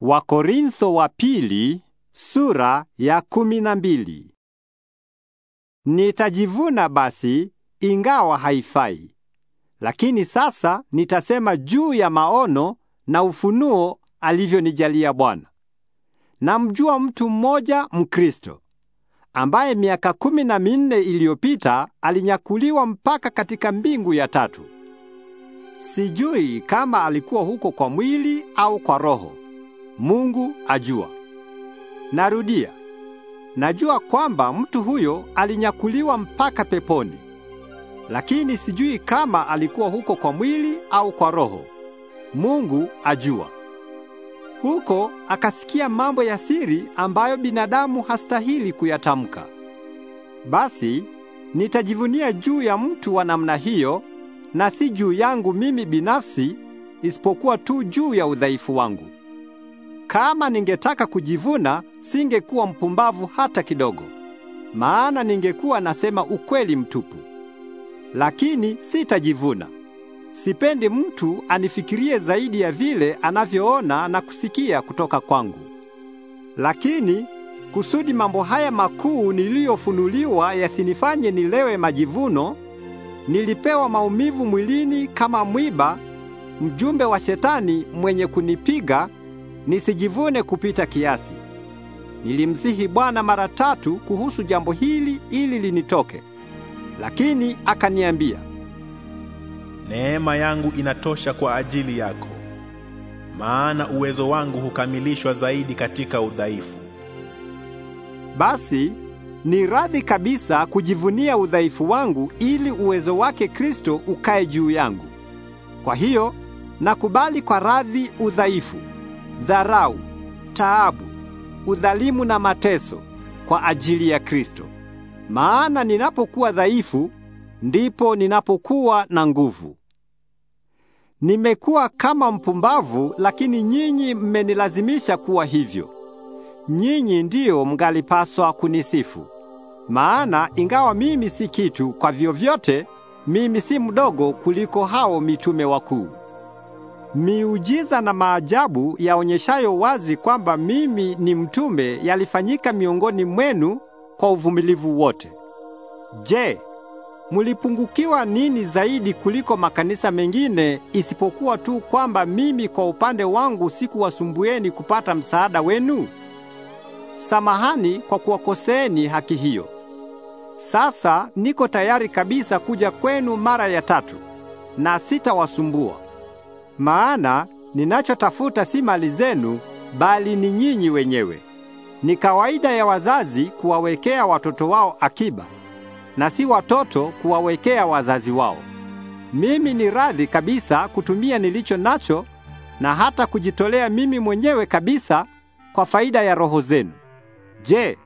Wakorintho wa pili sura ya kumi na mbili. Nitajivuna basi ingawa haifai. Lakini sasa nitasema juu ya maono na ufunuo alivyonijalia Bwana. Namjua mtu mmoja Mkristo ambaye miaka kumi na minne iliyopita alinyakuliwa mpaka katika mbingu ya tatu. Sijui kama alikuwa huko kwa mwili au kwa roho. Mungu ajua. Narudia, najua kwamba mtu huyo alinyakuliwa mpaka peponi, lakini sijui kama alikuwa huko kwa mwili au kwa roho. Mungu ajua. Huko akasikia mambo ya siri ambayo binadamu hastahili kuyatamka. Basi nitajivunia juu ya mtu wa namna hiyo na si juu yangu mimi binafsi, isipokuwa tu juu ya udhaifu wangu. Kama ningetaka kujivuna, singekuwa mpumbavu hata kidogo, maana ningekuwa nasema ukweli mtupu. Lakini sitajivuna. Sipendi mtu anifikirie zaidi ya vile anavyoona na kusikia kutoka kwangu. Lakini kusudi mambo haya makuu niliyofunuliwa yasinifanye nilewe majivuno, nilipewa maumivu mwilini kama mwiba, mjumbe wa Shetani mwenye kunipiga nisijivune kupita kiasi. Nilimsihi Bwana mara tatu kuhusu jambo hili ili linitoke, lakini akaniambia, neema yangu inatosha kwa ajili yako, maana uwezo wangu hukamilishwa zaidi katika udhaifu. Basi ni radhi kabisa kujivunia udhaifu wangu ili uwezo wake Kristo ukae juu yangu. Kwa hiyo nakubali kwa radhi udhaifu dharau, taabu, udhalimu na mateso kwa ajili ya Kristo. Maana ninapokuwa dhaifu ndipo ninapokuwa na nguvu. Nimekuwa kama mpumbavu, lakini nyinyi mmenilazimisha kuwa hivyo. Nyinyi ndiyo mngalipaswa kunisifu. Maana ingawa mimi si kitu, kwa vyovyote mimi si mdogo kuliko hao mitume wakuu. Miujiza na maajabu yaonyeshayo wazi kwamba mimi ni mtume yalifanyika miongoni mwenu kwa uvumilivu wote. Je, mlipungukiwa nini zaidi kuliko makanisa mengine isipokuwa tu kwamba mimi kwa upande wangu sikuwasumbueni kupata msaada wenu? Samahani kwa kuwakoseeni haki hiyo. Sasa niko tayari kabisa kuja kwenu mara ya tatu na sitawasumbua maana ninachotafuta si mali zenu, bali ni nyinyi wenyewe. Ni kawaida ya wazazi kuwawekea watoto wao akiba na si watoto kuwawekea wazazi wao. Mimi ni radhi kabisa kutumia nilicho nacho na hata kujitolea mimi mwenyewe kabisa kwa faida ya roho zenu. Je,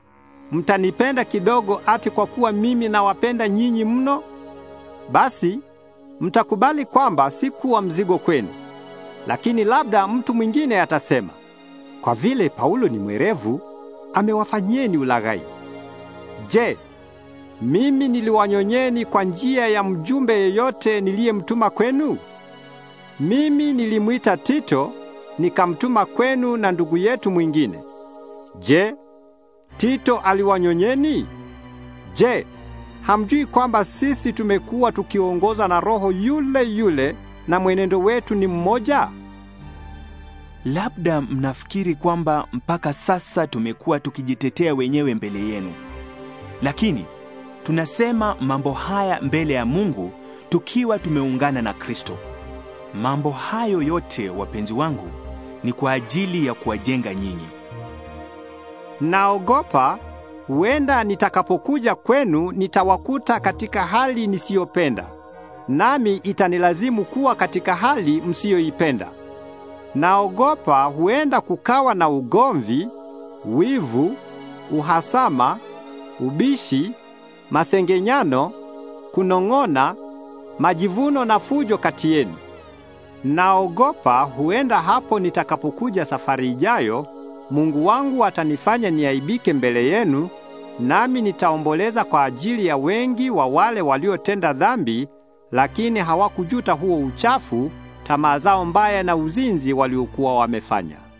mtanipenda kidogo ati kwa kuwa mimi nawapenda nyinyi mno? Basi mtakubali kwamba si kuwa mzigo kwenu. Lakini labda mtu mwingine atasema, kwa vile Paulo ni mwerevu, amewafanyieni ulaghai. Je, mimi niliwanyonyeni kwa njia ya mjumbe yeyote niliyemtuma kwenu? Mimi nilimwita Tito nikamtuma kwenu na ndugu yetu mwingine. Je, Tito aliwanyonyeni? Je, hamjui kwamba sisi tumekuwa tukiongoza na Roho yule yule na mwenendo wetu ni mmoja? Labda mnafikiri kwamba mpaka sasa tumekuwa tukijitetea wenyewe mbele yenu, lakini tunasema mambo haya mbele ya Mungu tukiwa tumeungana na Kristo. Mambo hayo yote, wapenzi wangu, ni kwa ajili ya kuwajenga nyinyi. Naogopa huenda nitakapokuja kwenu nitawakuta katika hali nisiyopenda nami itanilazimu kuwa katika hali msiyoipenda. Naogopa huenda kukawa na ugomvi, wivu, uhasama, ubishi, masengenyano, kunong'ona, majivuno na fujo kati yenu. Naogopa huenda hapo nitakapokuja safari ijayo, Mungu wangu atanifanya niaibike mbele yenu, nami nitaomboleza kwa ajili ya wengi wa wale waliotenda dhambi lakini hawakujuta huo uchafu, tamaa zao mbaya na uzinzi waliokuwa wamefanya.